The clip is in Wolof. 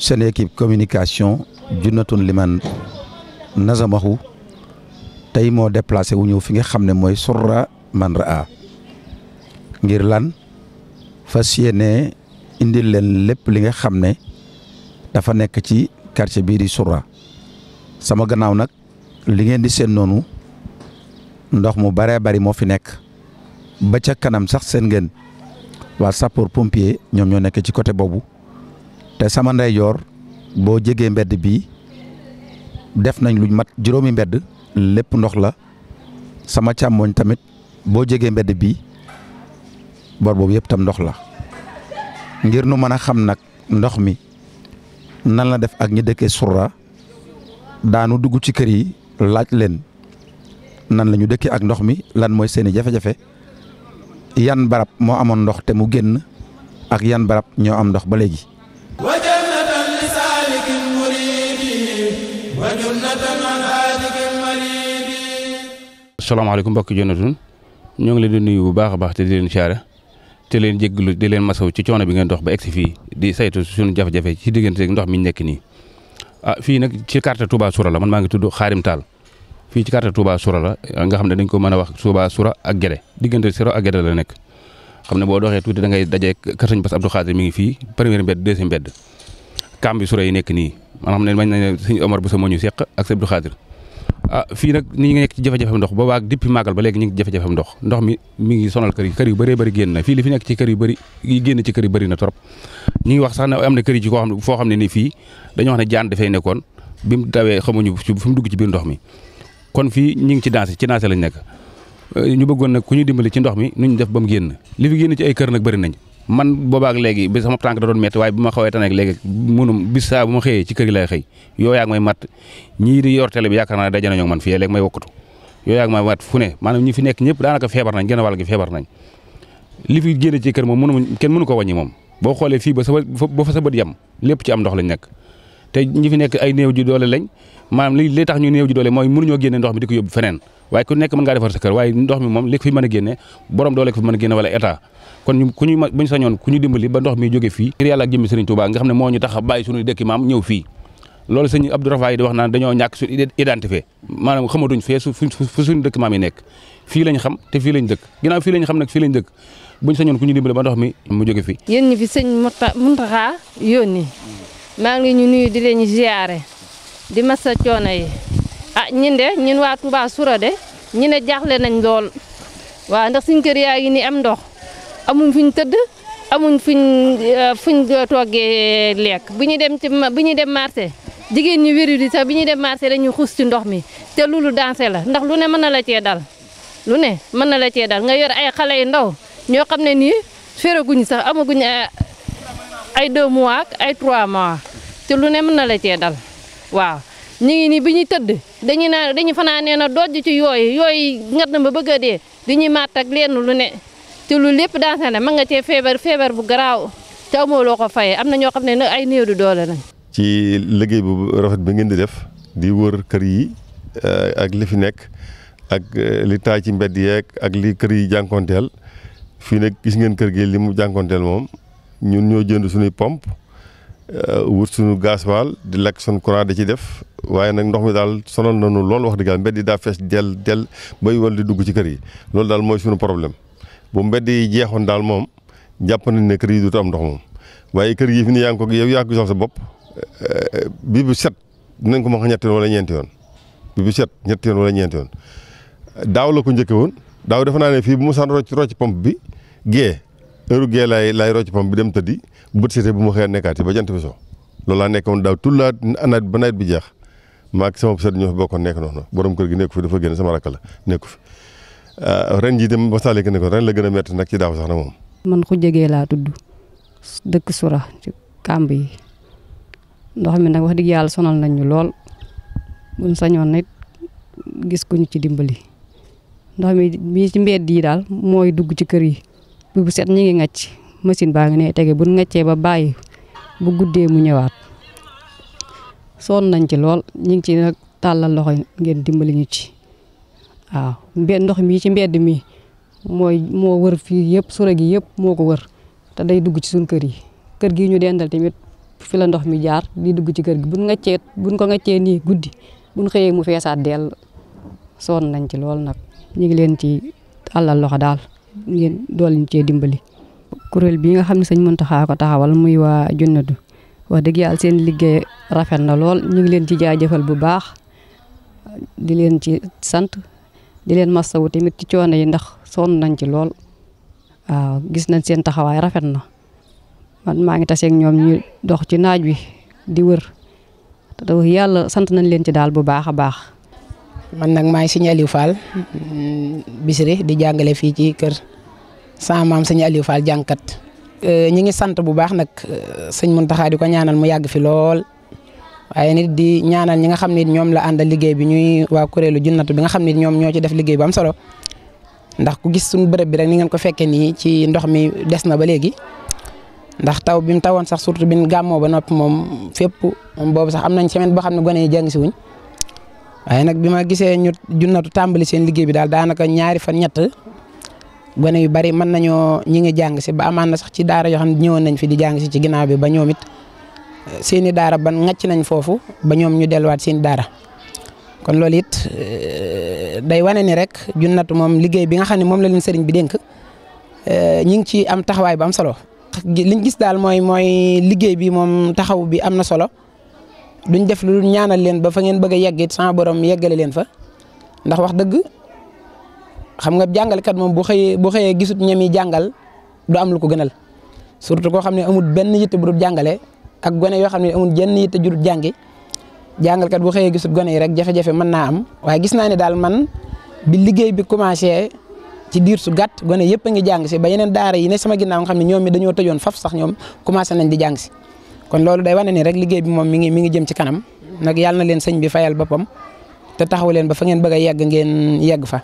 seen équipe communication junnatun liman nazamahu tey moo déplacé wu ñëw fi nga xam ne mooy surra man raa ngir lan fas yéene indil leen lépp li nga xam ne dafa nekk ci quartier bii di surra sama gannaaw nag li ngeen di seen noonu ndox mu baree bari moo fi nekk ba ca kanam sax seen ngeen waa sapeur pompier ñoom ñoo nekk ci côté boobu te sama ndeyjoor boo jegee mbedd bi def nañ lu mat juróomi mbedd lépp ndox la sama càmmooñ tamit boo jegee mbedd bi bor boobu yëpp tam ndox la ngir nu mën a xam nag ndox mi nan la def ak ñi dëkkee surra daanu dugg ci kër yi laaj leen nan lañu dëkkee ak ndox mi lan mooy seeni jafe-jafe yan barab moo amoon ndox te mu génn ak yan barab ñoo am ndox ba léegi salaamaaleykum mbokki jonatun ñoo ngi leen di nuyu bu baax a baax te di leen siyaare te leen jégglu di leen masaw ci coono bi ngeen dox ba egsi fii di saytu suñu jafe-jafe ci diggante ndox mi nekk nii ah fii nag ci carte Touba Soura la man maa ngi tudd Xaarim Tall fii ci carte Touba Soura la nga xam ne dañ ko mën a wax Touba Soura ak Guédé diggante Soura ak Guédé la nekk xam ne boo doxee tuuti da ngay dajee kër sëñ Bass Abdou Khadir mi ngi fii première mbedd deuxième mbedd kam bi Soura yi nekk nii man xam ne mañ nañ sëñ Omar Bousso moo ñu seq ak sëñ Abdou Khadir ah fii nag ni ngi nekk ci jafe-jafe ndox ba waag depuis màggal ba léegi ñu ngi jafe-jafe ndox ndox mi mi ngi sonal kër yi kër yu bëree bëri génn na fii li fi nekk ci kër yu bëri yi génn ci bëri na trop ñu ngi wax sax ne am na kër yi ci koo xam foo xam ne nii fii dañoo wax ne jaan dafay nekkoon bi mu dawee xamuñu fi mu dugg ci biir ndox mi kon fii ñu ngi ci dansé ci dansé lañ nekk euh, ñu bëggoon nag ku ñu dimbali ci ndox mi nu ñu def ba mu génn li fi génn ci ay kër nag bëri nañ man boobaak léegi bi sama tànk da doon métti waaye bi ma xawee tane ak léegi munum bis saa bu ma xëyee ci kër gi lay xëy yoo yaag may mat ñii di yor télé bi yaakaar naa ne daje nañoo man fii léegi may wokkatu yoo yaag may mat fu ne maanaam ñi fi nekk ñëpp daanaka feebar nañ gën a wàll gi feebar nañ li fi génne ci kër moom mënu kenn mënu ko wàññi moom boo xoolee fii ba sa ba fa sa bët yem lépp ci am ndox lañ nekk te ñi fi nekk ay néew ji doole lañ maanaam li li tax ñu néew ji doole mooy mënuñoo génne ndox di ko yóbbu feneen waaye ku nekk mën ngaa defar sa waaye ndox mi moom li fi mën a génne borom doole ko fi mën a génne wala état kon ku ñu buñu sañoon ku ñu dimbali ba ndox mi jóge fii ngir yàlla ak jëmmi Serigne Touba nga xam ne tax a bàyyi dëkk maam yi nekk fii lañ xam te fii lañ dëkk ginnaaw fii lañ xam nag fii lañ dëkk buñ sañoon ku ñu dimbali ba ndox mi mu jóge fii yéen ñi fi sëñ Muntaxa yónni maa ngi ñu nuyu di leen ziyaare di masa coono yi ah ñun de ñun waa Touba Soura de ñu ne jaaxle nañ lool waaw ndax suñ kër yaa ngi nii am ndox amuñ fuñ tëdd amuñ fuñ euh, fuñ toggee lekk bu ñu dem ci bu ñu dem marché jigéen ñi wéru di sax bi ñu dem marché dañuy xuus ci ndox mi te loolu dansé la ndax lu ne mën na la cee dal lu ne mën na la cee dal nga yor ay xale yu ndaw ñoo xam ne nii féreguñu sax amaguñu euh, ay deux mois ak ay trois mois te lu ne mën na la cee dal waaw ñu ngi nii bi ñuy tëdd dañuy naan fanaan nee na dojj ci yooyu yooyu ngat na ba bëgg a dee dañuy màtt ak lenn lu ne te lu lépp daanaka ne mën nga cee feebar feebar bu garaaw te amoo loo ko am na ñoo xam ne nag ay néew du doole lañ. ci liggéey bu rafet bi ngeen di def di wër kër yi eh, ak li fi nekk ak eh, li taay ci mbedd yeeg ak li kër yi jànkonteel fii nag gis ngeen kër gi li mu jànkonteel moom ñun ñoo jënd suñuy pomp Euh, wut suñu gasoil di lekk suñu courant da ci def waaye nag ndox mi daal sonal nañu lool wax dëgg yàlla mbedd daa fees del del bay wal di dugg ci kër yi loolu daal mooy sunu problème bu mbedd yi jeexoon daal moom jàpp nañ ne kër yi dootu am ndox moom waaye kër yi fi ni yaa ngi ko yow yaa ngi ko jox bopp bi bu set nañ ko mën a ñetti yoon wala ñeenti yoon bi set ñetti yoon wala ñeenti yoon daaw la ko njëkke woon daaw defe naa ne fii bu mu saan rocc rocc pompe bi gée heure gee laay laay rocc pam bi dem tëddi bët seetee bu ma xëyee nekkaat yi ba so loolu laa nekkoon daaw tout la nawet ba nawet bi jeex ak sama sët ñoo fi bokkoon nekk noonu borom kër gi nekku fi dafa génn sama rakk la nekku ah, ren jii dem ba Salick ne ko ren la gën a ci daaw sax moom. man ku jege laa tudd dëkk sura ci kàmb yi ndox mi nag wax dëgg yàlla sonal nañ ñu lool buñ sañoon nit gis ku ci dimbali ndox mi ci mbedd yi daal mooy dugg ci kër yi. bu bu set ñu ngi ngacc machine baa ngi ne tege bu ngaccee ba bàyyi bu guddee mu ñëwaat soon nañ ci lool ñu ngi ci nag tàllal loxo ngeen dimbali ñu ci ben ndox mi ci mbedd mi mooy moo wër fii yëpp sura gi yëpp moo ko wër te day dugg ci suñ kër yi kër gi ñu dendal tamit fi la ndox mi jaar di dugg ci kër gi buñ ngaccee buñ ko ngaccee nii guddi buñ xëyee mu feesaat dell soon nañ ci lool nag ñu ngi leen ci tàllal loxo daal dool ñu cee dimbali. kuréel bi nga xam ne sëñ Muntaxa ko taxawal muy waa du wax dëgg yàlla seen liggéey rafet na lool ñu ngi leen ci jaajëfal bu baax di leen ci sant di leen masawu tamit ci coono yi ndax soon nañ ci lool waaw gis nañ seen taxawaay rafet na man maa ngi taseeg ñoom ñu dox ci naaj wi di wër te yàlla sant nañ leen ci daal bu baax a baax. man nag maay sëñ Aliou Fall mm, Bichri di jàngale fii ci kër sama maam sëñ Aliou Fall jàngkat. Euh, ñi ngi sant bu baax nag euh, sëñ Mountakha di ko ñaanal mu yàgg fi lool waaye nit di ñaanal ñi nga xam ne ñoom la àndal liggéey bi ñuy waa kuréelu junnatu bi nga xam ne ñoom ñoo ci def liggéey bu am solo ndax ku gis suñu bërëb bi rek ni ngeen ko fekkee nii ci ndox mi des na ba léegi. ndax taw bi mu tawoon sax surtout bi gàmmoo ba noppi moom fépp moom boobu sax am nañ semaine boo xam ne gone yi jàng si waaye nag bi ma gisee ñu junnatu tàmbali seen liggéey bi daal daanaka ñaari fan ñett bone yu bari mën nañoo ñi ngi jàng si ba amaan na sax ci daara yoo xam ne ñëwoon nañ fi di jàng si ci ginnaaw bi ba ñoom it eh, seen i daara ban ngàcc nañ foofu ba ñoom ñu delluwaat seen daara kon loolu it eh, day wane ni rek junnatu moom liggéey bi nga xam ne moom la leen bi dénk eh, ñi ngi ci am taxawaay bu am solo liñ gis daal mooy mooy liggéey bi moom taxaw bi am na solo. duñ def lu ñaanal leen ba fa ngeen bëgg a yegg it sama borom yeggale leen fa ndax wax dëgg xam nga jàngalkat moom bu xëyee bu xëyee gisut ñam yi jàngal du am lu ko gënal surtout koo xam ne amul benn yitte bu dul jàngale ak gone yoo xam ne amul jenn yitte ju dul jàngi jàngalkat bu xëyee gisut gone yi rek jafe-jafe mën naa am waaye gis naa ne daal man bi liggéey bi commencé ci diir su gàtt gone yëpp a ngi jàng si ba yeneen daara yi ne sama ginnaaw nga xam ne ñoom mi dañoo tëjoon faf sax ñoom commencé nañ di jàng si kon loolu day wane nii rek liggéey bi moom mi ngi mi ngi jëm ci kanam nag yàlla na leen sëñ bi fayal boppam te taxaw leen ba fa ngeen bëgg a yegg ngeen yegg fa